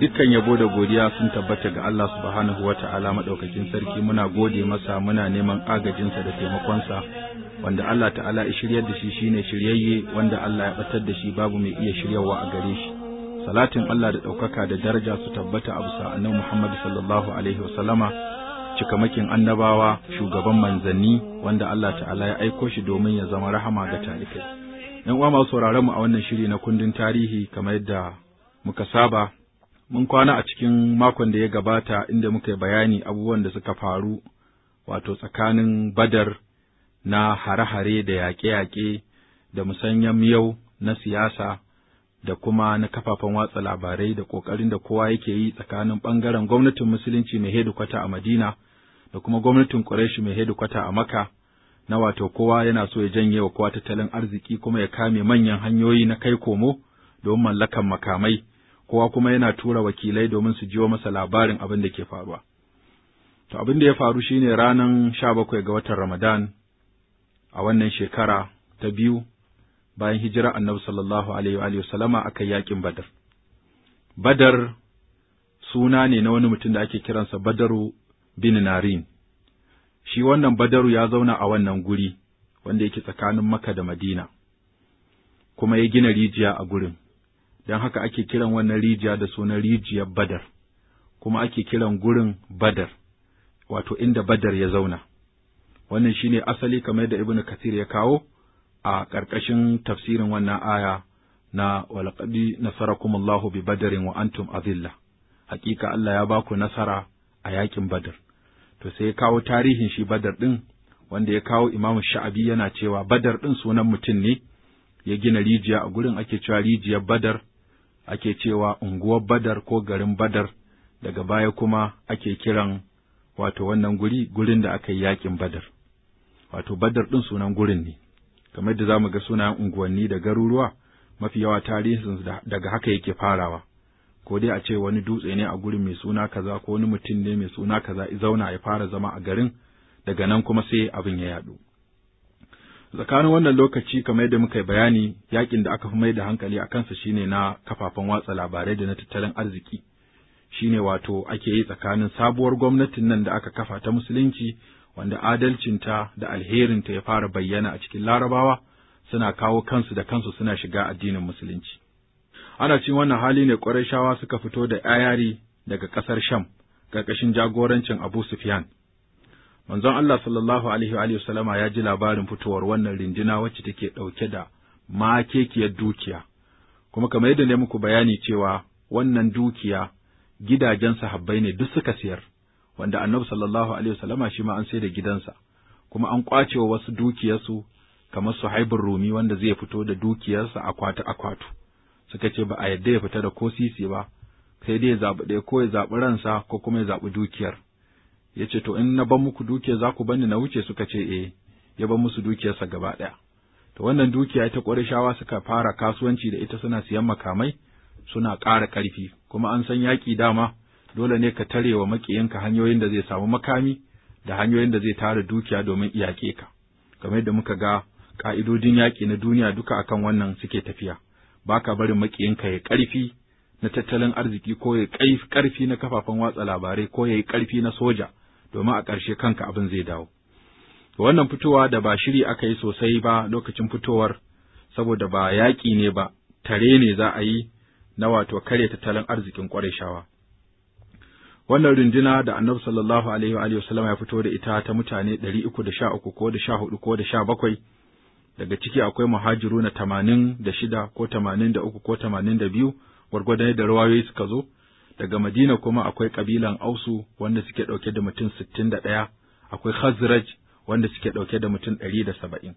dukkan yabo da godiya sun tabbata ga Allah subhanahu wa ta'ala maɗaukakin sarki muna gode masa muna neman agajinsa da taimakonsa wanda Allah ta'ala ya shiryar da shi shine shiryayye wanda Allah ya batar da shi babu mai iya shiryawa a gare shi salatin Allah da ɗaukaka da daraja su tabbata a bisa annabi Muhammad sallallahu alaihi wa sallama cikamakin annabawa shugaban manzanni wanda Allah ta'ala ya aiko shi domin ya zama rahama ga talikai yan uwa masu sauraron mu a wannan shiri na kundin tarihi kamar yadda muka saba mun kwana a cikin makon da ya gabata inda muka yi bayani abubuwan da suka faru wato tsakanin badar na hare-hare da yaƙe-yaƙe da musanyen yau na siyasa da kuma na kafafen watsa labarai da ƙoƙarin da kowa yake yi tsakanin ɓangaren gwamnatin musulunci mai hedikwata a Madina da kuma gwamnatin Quraishi mai hedikwata a maka na wato kowa yana so ya janye wa kowa tattalin arziki kuma ya kame manyan hanyoyi na kai komo don mallakan makamai kowa kuma yana tura wakilai domin su jiwo masa labarin abin da ke faruwa. To abin da ya faru shi ne ranar sha bakwai ga watan Ramadan a wannan shekara ta biyu bayan hijira annabi sallallahu alaihi wa sallama kai yaƙin Badar. Badar suna ne na wani mutum da ake kiransa Badaru bin Narin. Shi wannan Badaru ya zauna a wannan guri wanda yake tsakanin Makka da Madina, kuma ya gina rijiya a gurin. don haka ake kiran wannan rijiya da sunan rijiyar Badar, kuma ake kiran gurin Badar, wato inda Badar ya zauna. Wannan shi ne asali kamar da Ibnu Kathir ya kawo a ƙarƙashin tafsirin wannan aya na walaƙadi nasarakumullahu bi badarin wa antum azilla. Hakika Allah ya baku nasara a yakin Badar. To sai ya kawo tarihin shi Badar ɗin wanda ya kawo imamu Sha'abi yana cewa Badar ɗin sunan mutum ne ya gina rijiya a gurin ake cewa rijiyar Badar ake cewa unguwar Badar ko garin Badar, daga baya kuma ake kiran wato wannan guri gurin da aka yi yakin Badar. Wato Badar ɗin sunan gurin ne, kamar da za mu ga sunayen unguwanni da garuruwa mafi yawa tarihinsu daga haka yake farawa. Ko dai a ce wani dutse ne a gurin mai suna kaza ko wani mutum ne mai suna kaza zauna ya fara zama a garin, daga nan kuma sai abin ya yadu. Tsakanin wannan lokaci kamar yadda muka yi bayani yakin da aka fi mai da hankali a kansa shine na kafafen watsa labarai da na tattalin arziki. Shine wato ake yi tsakanin sabuwar gwamnatin nan da aka kafa ta musulunci wanda adalcinta da alherinta ya fara bayyana a cikin larabawa suna kawo kansu da kansu suna shiga addinin musulunci. Ana cin wannan hali ne shawa suka fito da ayari daga ƙasar Sham ƙarƙashin jagorancin Abu Sufyan. manzon Allah sallallahu alaihi wa sallama ya ji labarin fitowar wannan rindina wacce take ɗauke da makekiyar dukiya kuma kamar yadda ne muku bayani cewa wannan dukiya gidajen sahabbai ne duk suka siyar wanda annabi sallallahu alaihi wasallama shi ma an sai da gidansa kuma an kwace wa wasu dukiyarsu kamar su haibin Rumi wanda zai fito da dukiyarsa akwatu akwatu suka ce ba a yadda ya fita da ko sisi ba sai dai ya zaɓi ɗaya ko ya zaɓi ransa ko kuma ya zaɓi dukiyar ya ce to in na ban muku dukiya za ku bani na wuce suka ce e, ya ban musu dukiyarsa gaba ɗaya to wannan dukiya ita shawa suka fara kasuwanci da ita suna siyan makamai suna ƙara ƙarfi kuma an san yaƙi dama dole ne ka tare wa maƙiyinka hanyoyin da zai samu makami da hanyoyin da zai tara dukiya domin iyake ka kamar yadda muka ga ƙa'idodin yaƙi na duniya duka akan wannan suke tafiya ba ka barin maƙiyinka ya ƙarfi na tattalin arziki ko ya ƙarfi na kafafen watsa labarai ko ya ƙarfi na soja domin a ƙarshe kanka abin zai dawo. Wannan fitowa da ba shiri aka yi sosai ba lokacin fitowar, saboda ba yaƙi ne ba, tare ne za a yi na wato karya tattalin arzikin ƙwarishawa. Wannan runduna da annabi sallallahu alaihi wa sallama ya fito da ita ta mutane ɗari uku da sha uku ko da sha hudu ko da sha bakwai, daga ciki akwai muhajiru na tamanin da shida ko tamanin da uku ko tamanin da biyu, gwargwadon da rawayoyi suka zo, daga Madina kuma akwai kabilan Ausu wanda suke ɗauke da mutum sittin da ɗaya, akwai Khazraj wanda suke ɗauke da mutum ɗari da saba'in.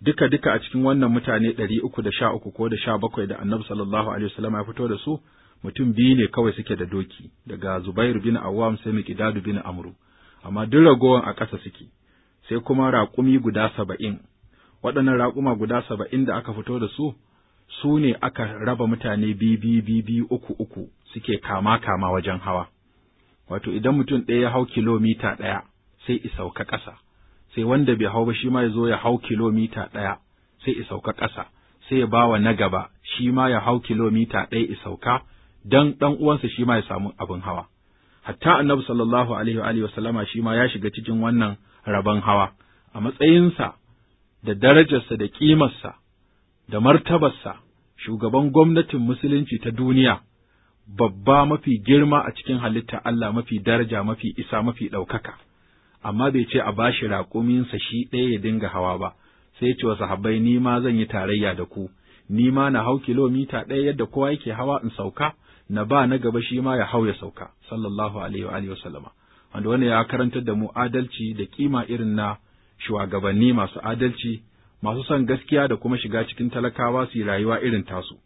Duka duka a cikin wannan mutane ɗari uku da sha uku ko da sha bakwai da Annabi sallallahu alaihi wasallam ya fito da su, mutum biyu ne kawai suke da doki, daga Zubairu bin Awam sai Miqdadu bin Amru, amma duk ragowan a ƙasa suke, sai kuma raƙumi guda saba'in. Waɗannan raƙuma guda saba'in da aka fito da su, su ne aka raba mutane biyu biyu uku uku suke kama kama wajen hawa. Wato idan mutum ɗaya ya hau kilomita ɗaya sai isauka ƙasa, sai wanda bai hau ba shi ma ya zo ya hau kilomita ɗaya sai isauka ƙasa, sai ya bawa na gaba shi ma ya hau kilomita ɗaya isauka don ɗan uwansa shi ma ya samu abin hawa. Hatta annabi sallallahu alaihi wa sallama shi ma ya shiga cikin wannan rabon hawa, a matsayinsa da darajarsa da ƙimarsa da martabarsa shugaban gwamnatin musulunci ta duniya babba mafi girma a cikin halitta Allah mafi daraja mafi isa mafi ɗaukaka amma bai ce a ba bashi raƙuminsa shi ɗaya ya dinga hawa ba sai ya ce wa sahabbai ni ma zan yi tarayya da ku ni ma na hau kilomita ɗaya yadda kowa yake hawa in sauka na ba na gaba shi ma ya hau ya sauka sallallahu alaihi wa wa sallama. wanda wannan ya karantar da mu adalci da kima irin na shugabanni masu adalci masu son gaskiya da kuma shiga cikin talakawa su yi rayuwa irin tasu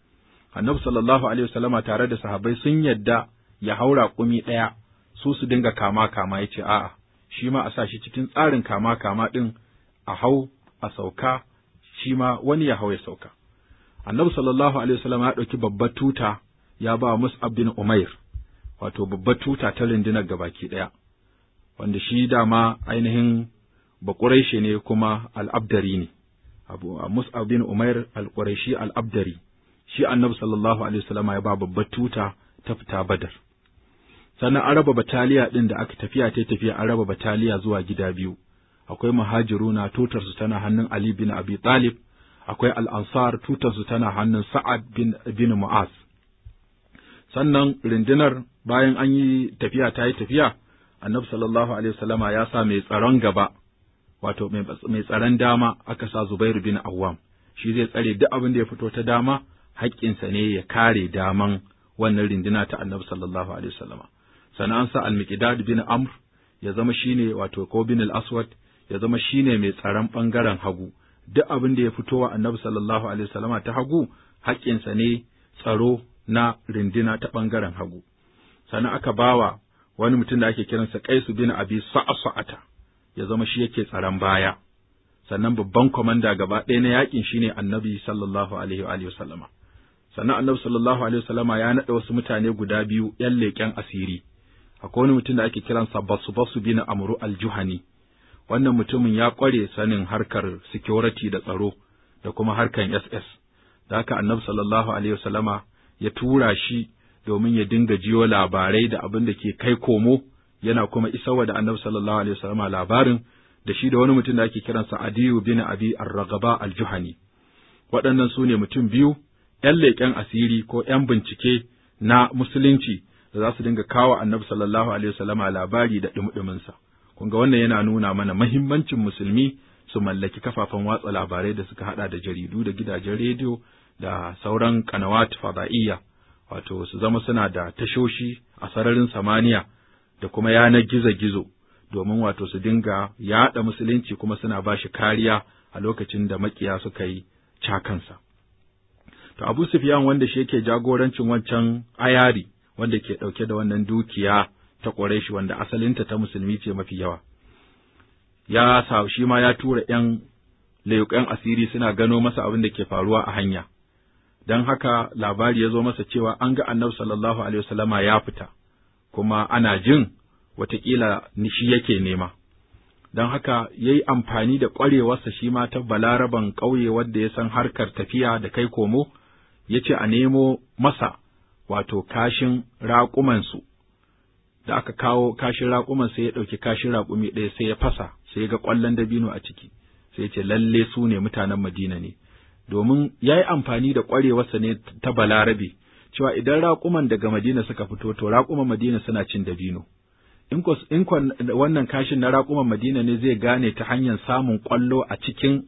annabi sallallahu alaihi wasallam tare da sahabbai sun yadda ya haura kumi ɗaya su su dinga kama kama ya ce a'a shi ma a sa shi cikin tsarin kama kama ɗin a hau a sauka shi ma wani ya hau ya sauka annabi sallallahu alaihi wasallam ya ɗauki babbar tuta ya ba Mus'ab bin Umair wato babbar tuta ta rundunar gabaki ɗaya wanda shi dama ainihin baƙuraishe ne kuma al'abdari ne Abu Mus'ab bin Umair al-Quraishi al-Abdari shi annabi sallallahu alaihi wasallama ya ba babbar tuta ta fita badar sannan an raba bataliya ɗin da aka tafiya ta tafiya an raba bataliya zuwa gida biyu akwai muhajiruna tutarsu tana hannun Ali bin Abi Talib akwai al'ansar tutarsu tana hannun Sa'ad bin, bin Mu'az sannan rundunar bayan an yi tafiya ta yi tafiya annabi sallallahu alaihi wasallama ya sa mai tsaron gaba wato mai tsaron dama aka sa Zubairu bin Awwam shi zai tsare duk abin da ya fito ta dama haƙƙinsa ne ya kare daman wannan rindina ta annabi sallallahu alaihi wasallama sannan an sa al-miqdad bin amr ya zama shine wato ko bin al-aswad ya zama shine mai tsaron bangaren hagu duk abin da ya fito wa annabi sallallahu alaihi wasallama ta hagu haƙƙinsa ne tsaro na rindina ta bangaren hagu sannan aka bawa wani mutum da ake kiransa Qaisu bin Abi Sa'sa'ata ya zama shi yake tsaron baya sannan babban kwamanda gaba ɗaya na yakin shine Annabi sallallahu alaihi wa alihi sannan annabi sallallahu alaihi wasallama ya naɗa wasu mutane guda biyu ‘yan leƙen asiri, akwai wani mutum da ake kiransa basu basu bin amru aljuhani, wannan mutumin ya kware sanin harkar security da tsaro da kuma harkar SS, da haka annabi sallallahu alaihi wasallama ya tura shi domin ya dinga jiyo labarai da abin da ke kai komo yana kuma isawa da annabi sallallahu alaihi wasallama labarin da shi da wani mutum da ake kiransa Adiyu bin Abi arragaba aljuhani Waɗannan su ne mutum biyu ‘yan leƙen asiri ko ‘yan bincike na musulunci da za su dinga kawo annabi sallallahu alaihi wasallama labari da ɗumɗuminsa. Kun ga wannan yana nuna mana mahimmancin musulmi su mallaki kafafen watsa labarai da suka haɗa da jaridu da gidajen rediyo da sauran kanawat fada'iyya, wato su zama suna da tashoshi a sararin samaniya da kuma yanar gizo-gizo domin wato su dinga yaɗa musulunci kuma suna ba shi kariya a lokacin da makiya suka yi cakansa. To Abu Sufyan wanda shi yake jagorancin wancan ayari wanda ke ɗauke da wannan dukiya ta Quraishi wanda asalinta ta musulmi ce mafi yawa. Ya sa shi ma ya tura ‘yan laiƙan asiri suna gano masa abin da ke faruwa a hanya. Don haka labari ya zo masa cewa an ga annabi sallallahu alaihi wasallama ya fita, kuma ana jin watakila shi yake nema. don haka ya yi amfani da ƙwarewarsa shi ma ta balaraban ƙauye wadda ya san harkar tafiya da kai komo ya ce a nemo masa wato kashin raƙumansu, da aka kawo kashin raƙuman sai ya ɗauki kashin raƙumi ɗaya sai ya fasa sai ya ga ƙwallon dabino a ciki, sai ya ce lalle su ne mutanen Madina ne, domin ya yi amfani da ƙwarewarsa ne ta balarabe, cewa idan raƙuman daga Madina suka fito to raƙuman Madina suna cin dabino. In wannan kashin na raƙuman Madina ne zai gane ta hanyar samun ƙwallo a cikin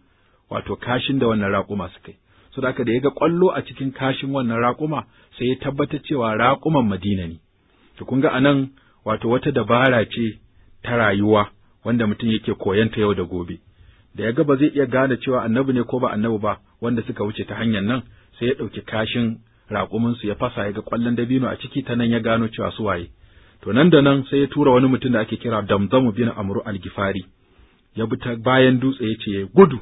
wato kashin da wannan raƙuma suka yi. su da da ya ga ƙwallo a cikin kashin wannan raƙuma sai ya tabbatar cewa raƙuman Madina ne. To kun ga anan wato wata dabara ce ta rayuwa wanda mutum yake ta yau da gobe. Da ya ga ba zai iya gane cewa annabi ne ko ba annabi ba wanda suka wuce ta hanyar nan sai ya ɗauki kashin raƙumin su ya fasa ya ga ƙwallon dabino a ciki ta nan ya gano cewa su waye. To nan da nan sai ya tura wani mutum da ake kira Damzamu bin Amru al-Gifari. Ya bi ta bayan dutse ya ce gudu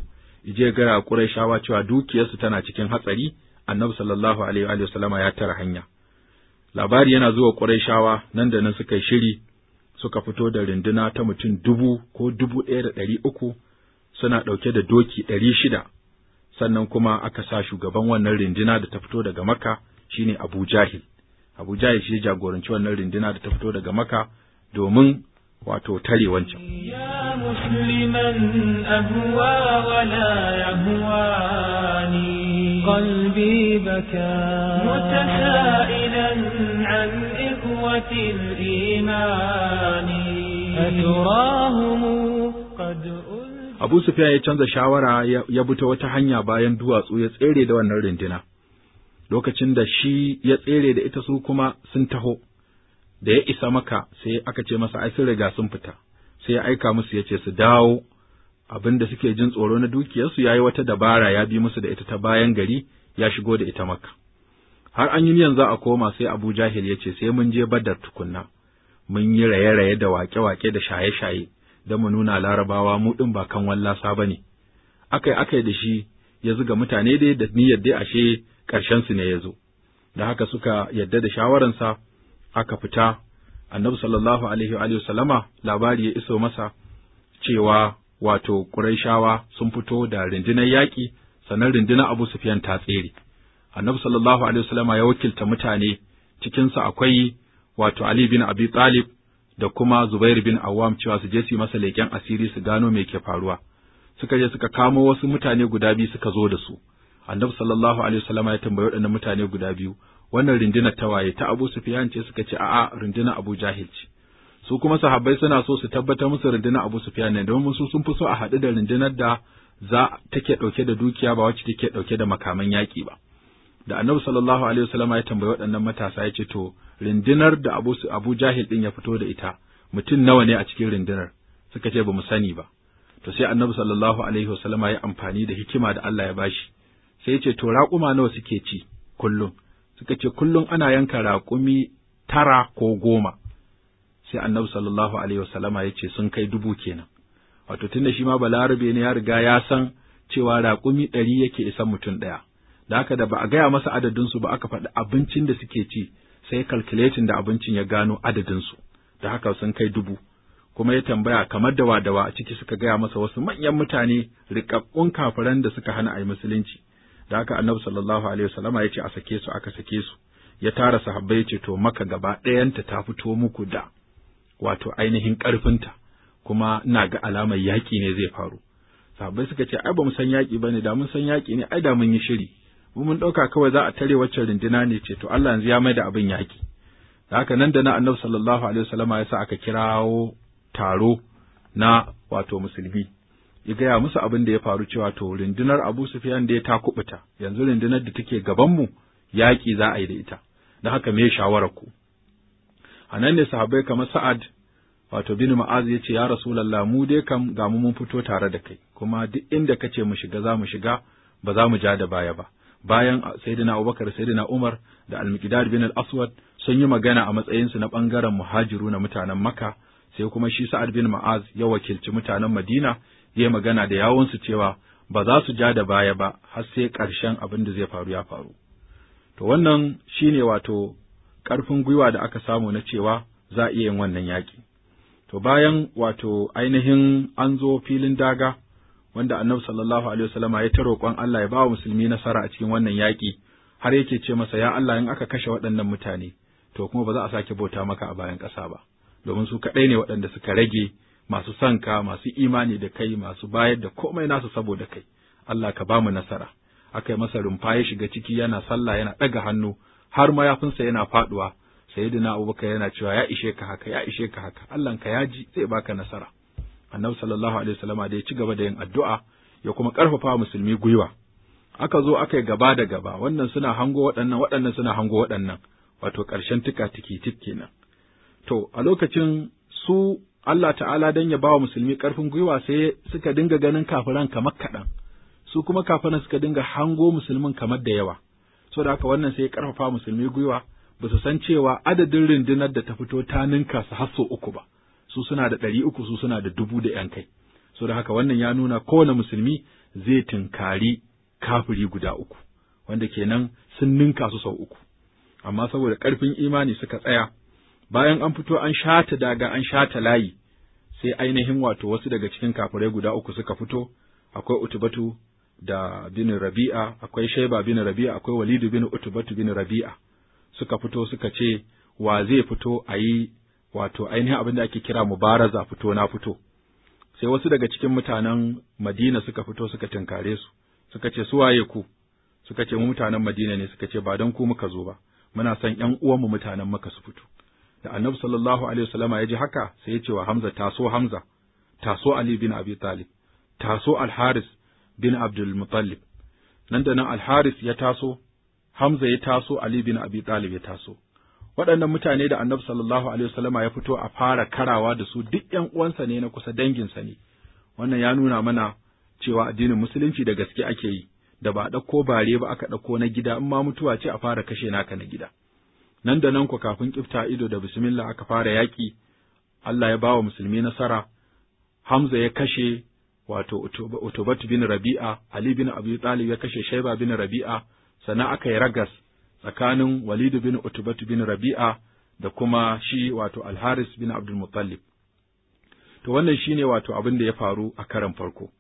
je ga Qurayshawa cewa dukiyarsu tana cikin hatsari annabi sallallahu alaihi wa sallama ya tara hanya labari yana zuwa Qurayshawa nan da nan suka yi shiri suka fito da runduna ta mutum dubu ko dubu ɗaya da ɗari uku suna ɗauke da doki ɗari shida sannan kuma aka sa shugaban wannan runduna da ta fito daga maka shine Abu Jahil Abu Jahil shi jagoranci wannan runduna da ta fito daga maka domin wato tare wancan مسلما أهوى ولا يهواني قلبي بكى متسائلا عن إخوة الإيمان أتراهم قد Abu Sufiya ya canza shawara ya bi ta wata hanya bayan duwatsu ya tsere da wannan rindina. Lokacin da shi ya tsere da ita su kuma sun taho, da ya isa maka sai aka ce masa ai sun riga sun fita. sai ya aika musu ya ce su dawo abin da suke jin tsoro na dukiyarsu ya yi wata dabara ya bi musu da ita ta bayan gari ya shigo da ita maka Har an yi niyan za a koma sai Abu Jahil ya ce sai mun je badar tukunna, mun yi raye-raye da wake-wake da shaye-shaye da mu nuna larabawa mu ɗin ba kan wallasa ba ne. Akai akai da shi ya zuga mutane dai da niyyar dai ashe ƙarshen su ne ya zo. Da haka suka yadda da shawararsa aka fita annabi sallallahu alaihi wa sallama labari ya iso masa cewa wato Qurayshawa sun fito da rundunar yaƙi sannan rundunar Abu Sufyan ta tsere. Annabi sallallahu alaihi sallama ya wakilta mutane cikinsa akwai wato Ali bin Abi Talib da kuma Zubair bin Awwam cewa su je su yi masa leƙen asiri su gano me ke faruwa. Suka je suka kamo wasu mutane guda biyu suka zo da su. Annabi sallallahu alaihi sallama ya tambayi waɗannan mutane guda biyu wannan ta waye ta Abu Sufyan ce suka ce a'a rundunar Abu Jahil ce su kuma sahabbai suna so su tabbatar musu rundunar Abu Sufyan ne domin su sun fi so a haɗu da rundunar da za take ɗauke da dukiya ba wacce take ɗauke da makaman yaƙi ba da Annabi sallallahu alaihi wasallam ya tambayi waɗannan matasa ya ce to rundunar da Abu Abu Jahil din ya fito da ita mutum nawa ne a cikin rundunar suka ce ba mu sani ba to sai Annabi sallallahu alaihi wasallam ya amfani da hikima da Allah ya bashi sai ya ce to raƙuma nawa suke ci kullum suka ce kullum ana yanka raƙumi tara ko goma sai annabi sallallahu alaihi wasallama ya ce sun kai dubu kenan wato tunda shi ma balarabe ne ya riga ya san cewa raƙumi ɗari yake isan mutum ɗaya da haka da ba a gaya masa adadinsu ba aka faɗi abincin da suke ci sai calculating da abincin ya gano adadinsu da haka sun kai dubu kuma ya tambaya kamar da wadawa a ciki suka gaya masa wasu manyan mutane rikakkun kafiran da suka hana a yi musulunci da haka annabi sallallahu alaihi wasallama ya ce a sake su aka sake su ya tara sahabbai ya ce to maka gaba ɗayanta ta fito muku da wato ainihin ƙarfinta kuma ina ga alamar yaƙi ne zai faru sahabbai suka ce ai ba mu san yaƙi ba ne da mun san yaƙi ne ai da mun yi shiri mu mun ɗauka kawai za a tare waccan rindina ne ce to Allah yanzu ya mai da abin yaƙi da haka nan da nan annabi sallallahu alaihi wasallama ya sa aka kirawo taro na wato musulmi ya gaya musu abin da ya faru cewa to rundunar Abu Sufyan da ya ta kubuta yanzu rundunar da take gaban mu yaƙi za a yi da ita dan haka me shawarar ku anan ne sahabbai kamar Sa'ad wato bin Ma'az ya ce ya Rasulullah mu dai kam ga mu mun fito tare da kai kuma duk inda ka ce mu shiga za mu shiga ba za mu ja da baya ba bayan Sayyidina Abubakar Sayyidina Umar da Al-Miqdad bin Al-Aswad sun yi magana a matsayinsu na bangaren muhajiru na mutanen Makka sai kuma shi Sa'ad bin Ma'az ya wakilci mutanen Madina ya magana da yawunsu cewa ba za su ja da baya ba har sai ƙarshen abin da zai faru ya faru. To wannan shi ne wato ƙarfin gwiwa da aka samu na cewa za a iya yin wannan yaƙi. To bayan wato ainihin an zo filin daga wanda annabi sallallahu alaihi wasallam ya ta roƙon Allah ya ba wa musulmi nasara a cikin wannan yaƙi har yake ce masa ya Allah in aka kashe waɗannan mutane to kuma ba za a sake bauta maka a bayan ƙasa ba domin su kaɗai ne waɗanda suka rage masu son ka masu imani da kai masu bayar da komai nasu saboda kai Allah ka bamu nasara aka yi masa rumfa ya shiga ciki yana sallah yana ɗaga hannu har mayafinsa yana faɗuwa sayyidina Abubakar yana cewa ya ishe ka haka ya ishe ka haka Allah ka yaji zai baka nasara annabi sallallahu alaihi wasallama da ya ci gaba da yin addu'a ya kuma karfafa musulmi gwiwa aka zo aka yi gaba da gaba wannan suna hango waɗannan waɗannan suna hango waɗannan wato ƙarshen tuka tiki tik kenan to a lokacin su Allah ta'ala don ya ba wa musulmi ƙarfin gwiwa sai suka dinga ganin kafiran kamar kaɗan, su kuma kafiran suka dinga hango musulmin kamar da yawa, so da haka wannan sai ya ƙarfafa musulmi gwiwa ba su san cewa adadin rundunar da ta fito ta ninka su hasso uku ba, su suna da ɗari uku su suna da dubu da ‘yan kai, so da haka wannan ya nuna kowane musulmi zai tinkari kafiri guda uku, wanda kenan sun ninka su sau uku, amma saboda ƙarfin imani suka tsaya bayan an fito an shata daga an shata layi sai ainihin wato wasu daga cikin kafirai guda uku suka fito akwai utubatu da bin rabi'a akwai shaiba bin rabi'a akwai walidu bin utubatu bin rabi'a suka fito suka ce wa zai fito a yi wato ainihin abin da ake kira mubaraza fito na fito sai wasu daga cikin mutanen madina suka fito suka tinkare su suka ce suwaye ku suka ce mu mutanen madina ne suka ce ba don ku muka zo ba muna son ’yan uwanmu mutanen maka su fito da annabi sallallahu alaihi wasallama ya ji haka sai ya ce wa Hamza taso Hamza taso Ali bin Abi Talib taso Al-Haris bin Abdul Muttalib nan da nan Al-Haris ya taso Hamza ya taso Ali bin Abi Talib ya taso waɗannan mutane da annabi sallallahu alaihi wasallama ya fito a fara karawa da su duk ƴan uwansa ne na kusa danginsa ne, wannan ya nuna mana cewa addinin musulunci da gaske ake yi, da ba a ɗauko bare ba aka ɗauko na gida in ma mutuwa ce a fara kashe naka na gida. nan da nan ku kafin kifta ido da bismillah aka fara yaƙi, Allah ya ba wa musulmi nasara, Hamza ya kashe wato Utubat bin Rabi'a, Ali bin Abi Talib ya kashe Shaiba bin Rabi'a, sannan aka yi ragas tsakanin Walid bin Utubat bin Rabi'a da kuma shi wato Alharis bin Abdul Muttalib. To wannan shine wato abin da ya faru a karan farko.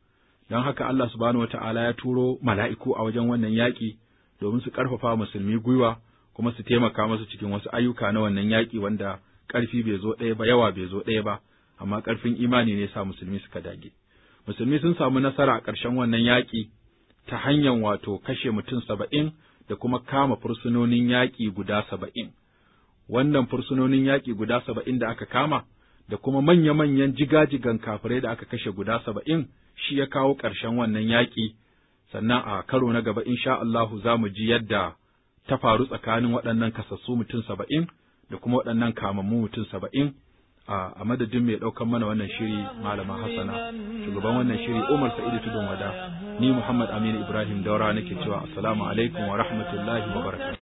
Don haka Allah subhanahu wata'ala ya turo mala'iku a wajen wannan yaƙi domin su ƙarfafa musulmi gwiwa kuma su taimaka masu cikin wasu ayyuka na wannan yaƙi wanda ƙarfi bai zo ɗaya ba yawa bai zo ɗaya ba amma ƙarfin imani ne sa musulmi suka dage musulmi sun samu nasara a ƙarshen wannan yaƙi ta hanyar wato kashe mutum saba'in da kuma kama fursunonin yaƙi guda saba'in wannan fursunonin yaƙi guda saba'in da aka kama da kuma manya-manyan jigajigan kafirai da aka kashe guda saba'in shi ya kawo ƙarshen wannan yaƙi sannan a karo na gaba insha Allahu za mu ji yadda ta faru tsakanin waɗannan kasassu mutum saba'in da kuma waɗannan kamammu mutum saba'in a madadin mai ɗaukar mana wannan shiri malama hassana shugaban wannan shiri umar sa'idu tudun wada ni muhammad aminu ibrahim daura nake cewa assalamu alaikum wa rahmatullahi wa barakatuh